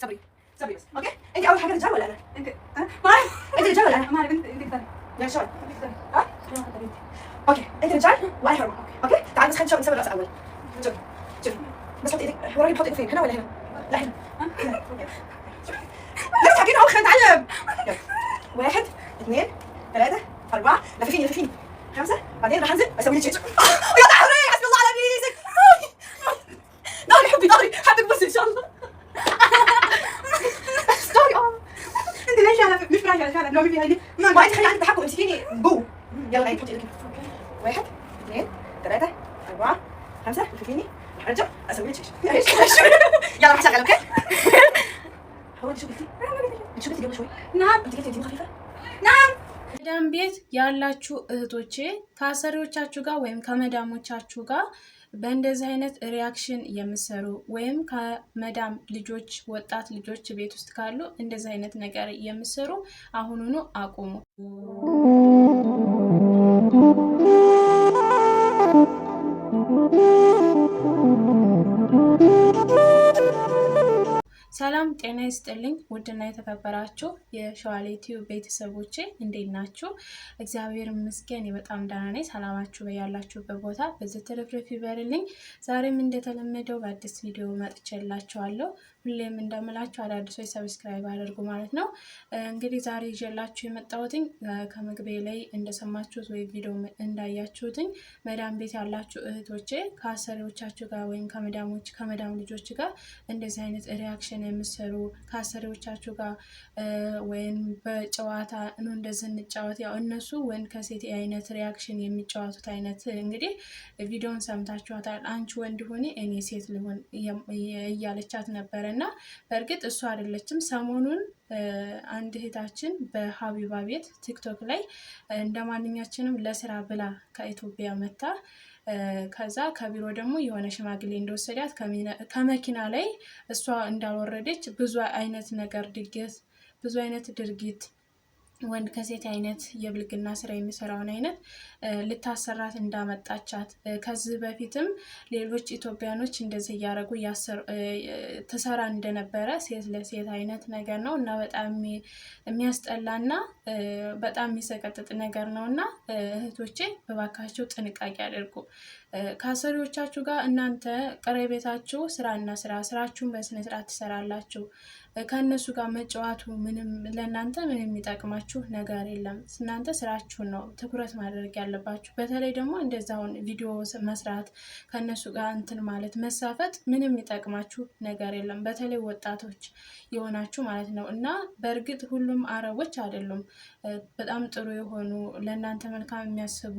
صبري صبري بس اوكي انت اول حاجه رجال ولا انا؟ انت ما انت رجال ولا انا؟ ما انت انت كده يا شوي ها؟ اوكي انت رجال وانا حرمه اوكي تعال بس خلينا نسوي الراس اول شوف شوف بس حط ايدك هو الراجل بيحط فين هنا ولا هنا؟ لا هنا لسه حاجين اهو خلينا نتعلم واحد اثنين ثلاثه اربعه لففيني لففيني خمسه بعدين راح انزل اسوي لي تشيتش رجلك واحد اثنين ثلاثة أربعة خمسة لفتيني ارجع اسوي لك يلا راح اشغل اوكي هو انت شو قلتي؟ انت شو قلتي قبل شوي؟ نعم انت قلتي انت خفيفة نعم መዳም ቤት ያላችሁ እህቶቼ ከአሰሪዎቻችሁ ጋር ወይም ከመዳሞቻችሁ ጋር በእንደዚህ አይነት ሪያክሽን የምሰሩ ወይም ከመዳም ልጆች ወጣት ልጆች ቤት ውስጥ ካሉ እንደዚህ አይነት ነገር የምሰሩ አሁኑኑ አቁሙ። Thank you. ሰላም ጤና ይስጥልኝ። ውድና የተከበራችሁ የሸዋሌ ቲዩብ ቤተሰቦቼ እንዴት ናችሁ? እግዚአብሔር ይመስገን በጣም ደህና ነኝ። ሰላማችሁ በያላችሁበት ቦታ በዚህ ትርፍርፍ ይበልልኝ። ዛሬም እንደተለመደው በአዲስ ቪዲዮ መጥቼላችኋለሁ። ሁሌም እንደምላችሁ አዳዲሶች ሰብስክራይብ አድርጉ ማለት ነው። እንግዲህ ዛሬ ይዤላችሁ የመጣሁትኝ ከምግቤ ላይ እንደሰማችሁት ወይ ቪዲዮ እንዳያችሁትኝ መዳም ቤት ያላችሁ እህቶቼ ከአሰሪዎቻችሁ ጋር ወይም ከመዳሞች ከመዳም ልጆች ጋር እንደዚህ አይነት ሪያክሽን የምትሰሩ ከአሰሪዎቻችሁ ጋር ወይም በጨዋታ ኑ እንደዚህ እንጫወት፣ ያው እነሱ ወንድ ከሴት አይነት ሪያክሽን የሚጫወቱት አይነት እንግዲህ ቪዲዮን ሰምታችኋታል። አንቺ ወንድ ሆኔ እኔ ሴት ልሆን እያለቻት ነበረ እና በእርግጥ እሱ አይደለችም ሰሞኑን አንድ እህታችን በሀቢባ ቤት ቲክቶክ ላይ እንደ ማንኛችንም ለስራ ብላ ከኢትዮጵያ መታ ከዛ ከቢሮ ደግሞ የሆነ ሽማግሌ እንደወሰዳት ከመኪና ላይ እሷ እንዳልወረደች ብዙ አይነት ነገር ድርጊት ብዙ አይነት ድርጊት ወንድ ከሴት አይነት የብልግና ስራ የሚሰራውን አይነት ልታሰራት እንዳመጣቻት ከዚህ በፊትም ሌሎች ኢትዮጵያኖች እንደዚህ እያደረጉ ትሰራ እንደነበረ ሴት ለሴት አይነት ነገር ነው እና በጣም የሚያስጠላና በጣም የሚሰቀጥጥ ነገር ነው እና እህቶቼ በባካቸው ጥንቃቄ አድርጉ። ከአሰሪዎቻችሁ ጋር እናንተ ቀረቤታችሁ ስራና ስራ ስራችሁን በስነስርዓት ትሰራላችሁ። ከእነሱ ጋር መጫወቱ ምንም ለእናንተ ምንም የሚጠቅማችሁ ነገር የለም። እናንተ ስራችሁን ነው ትኩረት ማድረግ ያለባችሁ። በተለይ ደግሞ እንደዛውን ቪዲዮ መስራት ከእነሱ ጋር እንትን ማለት መሳፈጥ ምንም የሚጠቅማችሁ ነገር የለም። በተለይ ወጣቶች የሆናችሁ ማለት ነው። እና በእርግጥ ሁሉም አረቦች አይደሉም። በጣም ጥሩ የሆኑ ለእናንተ መልካም የሚያስቡ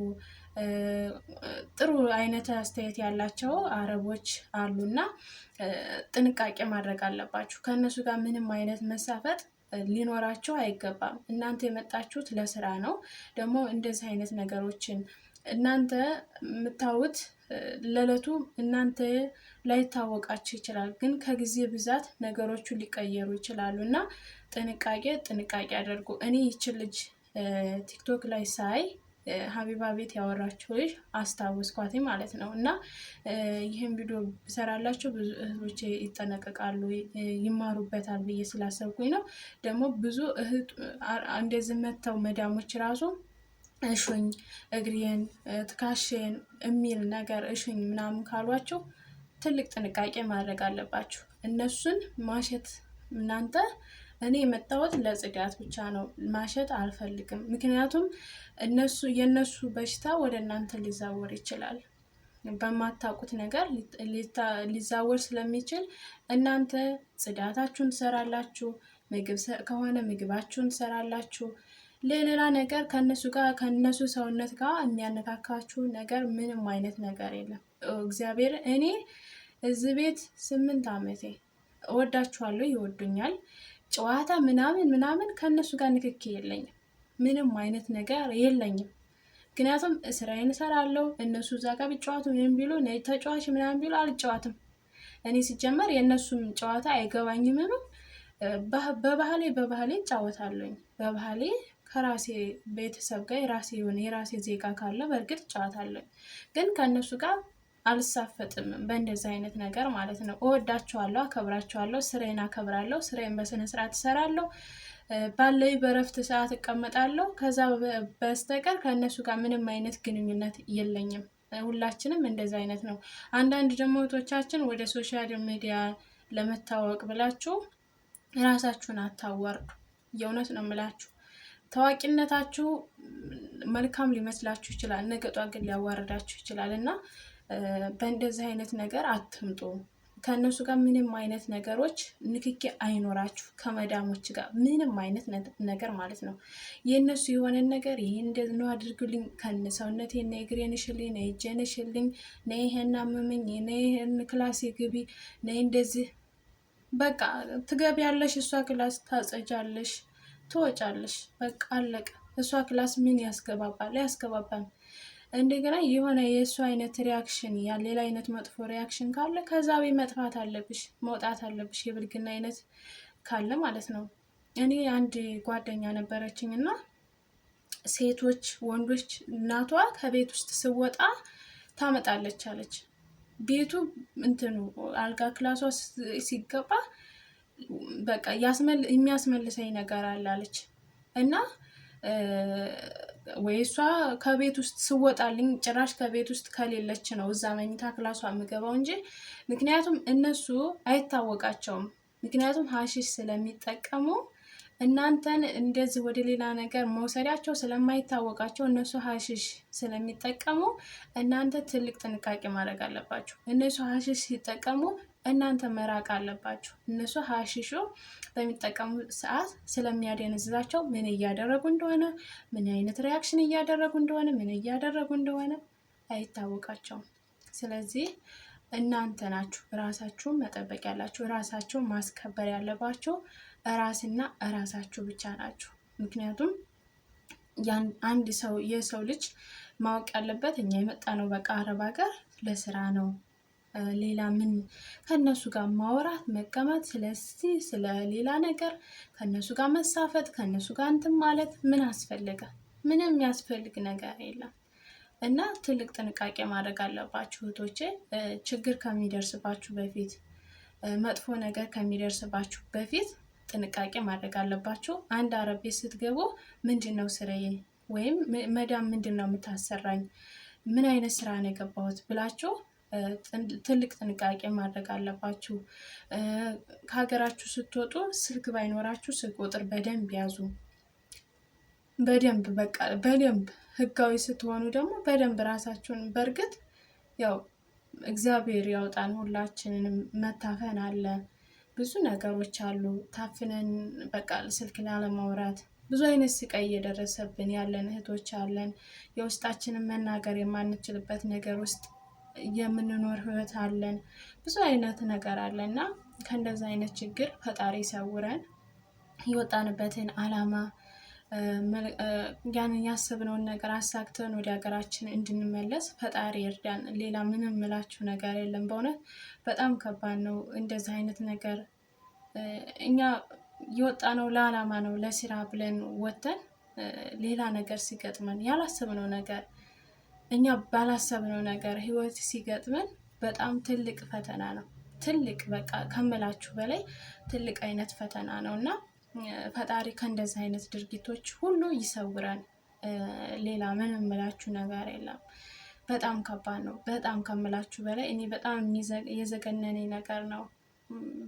ጥሩ አይነት አስተያየት ያላቸው አረቦች አሉና ጥንቃቄ ማድረግ አለባችሁ። ከእነሱ ጋር ምንም አይነት መሳፈጥ ሊኖራቸው አይገባም። እናንተ የመጣችሁት ለስራ ነው። ደግሞ እንደዚህ አይነት ነገሮችን እናንተ የምታዩት ለእለቱ እናንተ ላይታወቃችሁ ይችላል፣ ግን ከጊዜ ብዛት ነገሮቹ ሊቀየሩ ይችላሉ እና ጥንቃቄ ጥንቃቄ አድርጉ። እኔ ይችን ልጅ ቲክቶክ ላይ ሳይ ሀቢባ ቤት ያወራችሁ ልጅ አስታወስኳት ማለት ነው። እና ይህን ቪዲዮ ሰራላቸው ብዙ እህቶች ይጠነቀቃሉ፣ ይማሩበታል ብዬ ስላሰብኩኝ ነው። ደግሞ ብዙ እህት እንደዚህ መተው መዳሞች ራሱ እሹኝ እግሬን ትካሽን የሚል ነገር እሹኝ ምናምን ካሏችሁ ትልቅ ጥንቃቄ ማድረግ አለባችሁ። እነሱን ማሸት እናንተ እኔ የመጣሁት ለጽዳት ብቻ ነው። ማሸት አልፈልግም። ምክንያቱም እነሱ የእነሱ በሽታ ወደ እናንተ ሊዛወር ይችላል። በማታውቁት ነገር ሊዛወር ስለሚችል እናንተ ጽዳታችሁን ትሰራላችሁ፣ ምግብ ከሆነ ምግባችሁን ትሰራላችሁ። ለሌላ ነገር ከነሱ ጋር ከነሱ ሰውነት ጋር የሚያነካካችሁ ነገር ምንም አይነት ነገር የለም። እግዚአብሔር እኔ እዚህ ቤት ስምንት ዓመቴ እወዳችኋለሁ፣ ይወዱኛል። ጨዋታ ምናምን ምናምን ከእነሱ ጋር ንክኪ የለኝም። ምንም አይነት ነገር የለኝም። ምክንያቱም ስራዬን እሰራለሁ። እነሱ እዛ ጋር ቢጫወቱ ምንም ቢሉ ተጫዋች ምናምን ቢሉ አልጫዋትም እኔ ሲጀመር የእነሱም ጨዋታ አይገባኝም። በባህሌ በባህሌ እጫወታለሁኝ። በባህሌ ከራሴ ቤተሰብ ጋር የራሴ የሆነ የራሴ ዜጋ ካለ በእርግጥ እጫወታለሁኝ፣ ግን ከእነሱ ጋር አልሳፈጥም በእንደዚህ አይነት ነገር ማለት ነው። እወዳችኋለሁ፣ አከብራችኋለሁ፣ ስሬን አከብራለሁ፣ ስሬን በስነ ስርዓት እሰራለሁ፣ ባለይ በረፍት ሰዓት እቀመጣለሁ። ከዛ በስተቀር ከእነሱ ጋር ምንም አይነት ግንኙነት የለኝም። ሁላችንም እንደዚህ አይነት ነው። አንዳንድ ደግሞ እህቶቻችን ወደ ሶሻል ሚዲያ ለመታወቅ ብላችሁ ራሳችሁን አታዋርዱ። የእውነት ነው የምላችሁ። ታዋቂነታችሁ መልካም ሊመስላችሁ ይችላል፣ ነገጧ ግን ሊያዋርዳችሁ ይችላል እና በእንደዚህ አይነት ነገር አትምጡ። ከእነሱ ጋር ምንም አይነት ነገሮች ንክኪ አይኖራችሁ። ከመዳሞች ጋር ምንም አይነት ነገር ማለት ነው። የእነሱ የሆነን ነገር ይህ እንደዚህ ነው አድርግልኝ፣ ከነ ሰውነት ነ እግሬን ሽልኝ፣ ነ እጄን ሽልኝ፣ ነ ይሄን አመመኝ፣ ነ ይሄን ክላስ ግቢ፣ ነ እንደዚህ በቃ ትገቢያለሽ፣ እሷ ክላስ ታጸጃለሽ፣ ትወጫለሽ። በቃ አለቀ። እሷ ክላስ ምን ያስገባባል? ያስገባባል እንደገና የሆነ የእሱ አይነት ሪያክሽን ያ ሌላ አይነት መጥፎ ሪያክሽን ካለ ከዛ ቤት መጥፋት አለብሽ መውጣት አለብሽ የብልግና አይነት ካለ ማለት ነው። እኔ አንድ ጓደኛ ነበረችኝ እና ሴቶች ወንዶች እናቷ ከቤት ውስጥ ስወጣ ታመጣለች አለች። ቤቱ እንትኑ አልጋ ክላሷ ሲገባ በቃ የሚያስመልሰኝ ነገር አለ አለች እና ወይ እሷ ከቤት ውስጥ ስወጣልኝ ጭራሽ ከቤት ውስጥ ከሌለች ነው እዛ መኝታ ክላሷ የምገባው እንጂ ምክንያቱም እነሱ አይታወቃቸውም። ምክንያቱም ሀሺሽ ስለሚጠቀሙ እናንተን እንደዚህ ወደ ሌላ ነገር መውሰዳቸው ስለማይታወቃቸው እነሱ ሀሺሽ ስለሚጠቀሙ እናንተ ትልቅ ጥንቃቄ ማድረግ አለባቸው እነሱ ሀሺሽ ሲጠቀሙ እናንተ መራቅ አለባችሁ። እነሱ ሀሺሹ በሚጠቀሙ ሰዓት ስለሚያደነዝዛቸው ምን እያደረጉ እንደሆነ ምን አይነት ሪያክሽን እያደረጉ እንደሆነ ምን እያደረጉ እንደሆነ አይታወቃቸውም። ስለዚህ እናንተ ናችሁ ራሳችሁን መጠበቅ ያላችሁ፣ ራሳችሁን ማስከበር ያለባችሁ ራስና ራሳችሁ ብቻ ናችሁ። ምክንያቱም አንድ ሰው የሰው ልጅ ማወቅ ያለበት እኛ የመጣ ነው በቃ አረብ ሀገር ለስራ ነው ሌላ ምን ከነሱ ጋር ማውራት መቀመጥ፣ ስለዚህ ስለ ሌላ ነገር ከነሱ ጋር መሳፈጥ፣ ከነሱ ጋር እንትን ማለት ምን አስፈልገ? ምንም ያስፈልግ ነገር የለም። እና ትልቅ ጥንቃቄ ማድረግ አለባችሁ እህቶቼ፣ ችግር ከሚደርስባችሁ በፊት መጥፎ ነገር ከሚደርስባችሁ በፊት ጥንቃቄ ማድረግ አለባችሁ። አንድ አረብ ቤት ስትገቡ ምንድን ነው ስራዬ ወይም መዳም ምንድን ነው የምታሰራኝ፣ ምን አይነት ስራ ነው የገባሁት ብላችሁ ትልቅ ጥንቃቄ ማድረግ አለባችሁ። ከሀገራችሁ ስትወጡ ስልክ ባይኖራችሁ ስልክ ቁጥር በደንብ ያዙ። በደንብ በቃ በደንብ ህጋዊ ስትሆኑ ደግሞ በደንብ ራሳችሁን በእርግጥ ያው እግዚአብሔር ያውጣን ሁላችንንም። መታፈን አለ፣ ብዙ ነገሮች አሉ። ታፍነን በቃ ስልክ ላለማውራት ብዙ አይነት ስቃይ እየደረሰብን ያለን እህቶች አለን። የውስጣችንን መናገር የማንችልበት ነገር ውስጥ የምንኖር ህይወት አለን። ብዙ አይነት ነገር አለ እና ከእንደዚህ አይነት ችግር ፈጣሪ ይሰውረን። የወጣንበትን አላማ ያንን ያስብነውን ነገር አሳክተን ወደ ሀገራችን እንድንመለስ ፈጣሪ እርዳን። ሌላ ምንም ምላችሁ ነገር የለም። በእውነት በጣም ከባድ ነው እንደዚህ አይነት ነገር። እኛ የወጣነው ለአላማ ነው፣ ለስራ ብለን ወተን ሌላ ነገር ሲገጥመን ያላሰብነው ነገር እኛ ባላሰብነው ነገር ህይወት ሲገጥመን በጣም ትልቅ ፈተና ነው። ትልቅ በቃ ከምላችሁ በላይ ትልቅ አይነት ፈተና ነው እና ፈጣሪ ከእንደዚህ አይነት ድርጊቶች ሁሉ ይሰውረን። ሌላ ምን ምላችሁ ነገር የለም። በጣም ከባድ ነው። በጣም ከምላችሁ በላይ እኔ በጣም የዘገነኔ ነገር ነው።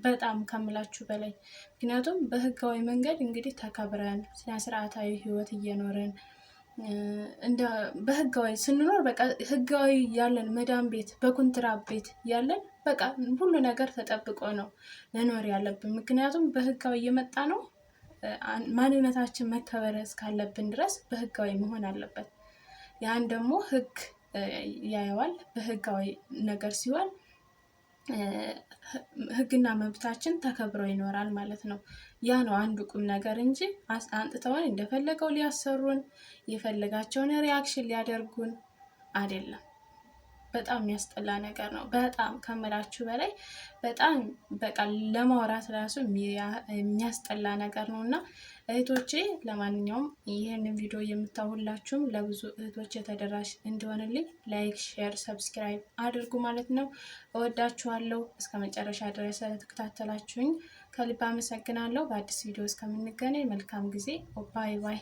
በጣም ከምላችሁ በላይ ምክንያቱም በህጋዊ መንገድ እንግዲህ ተከብረን ስነ ስርዓታዊ ህይወት እየኖርን እንደ በህጋዊ ስንኖር በቃ ህጋዊ ያለን መዳን ቤት በኩንትራ ቤት ያለን በቃ ሁሉ ነገር ተጠብቆ ነው መኖር ያለብን። ምክንያቱም በህጋዊ እየመጣ ነው። ማንነታችን መከበር እስካለብን ድረስ በህጋዊ መሆን አለበት። ያን ደግሞ ህግ ያየዋል። በህጋዊ ነገር ሲሆን ህግና መብታችን ተከብሮ ይኖራል ማለት ነው። ያ ነው አንዱ ቁም ነገር እንጂ አንጥተውን እንደፈለገው ሊያሰሩን የፈለጋቸውን ሪያክሽን ሊያደርጉን አይደለም። በጣም የሚያስጠላ ነገር ነው። በጣም ከምላችሁ በላይ በጣም በቃ ለማውራት ራሱ የሚያስጠላ ነገር ነው እና እህቶቼ፣ ለማንኛውም ይህንን ቪዲዮ የምታሁላችሁም ለብዙ እህቶች የተደራሽ እንዲሆንልኝ ላይክ፣ ሼር፣ ሰብስክራይብ አድርጉ ማለት ነው። እወዳችኋለሁ። እስከ መጨረሻ ድረስ ስለተከታተላችሁኝ ከልብ አመሰግናለሁ። በአዲስ ቪዲዮ እስከምንገናኝ መልካም ጊዜ። ባይ ባይ።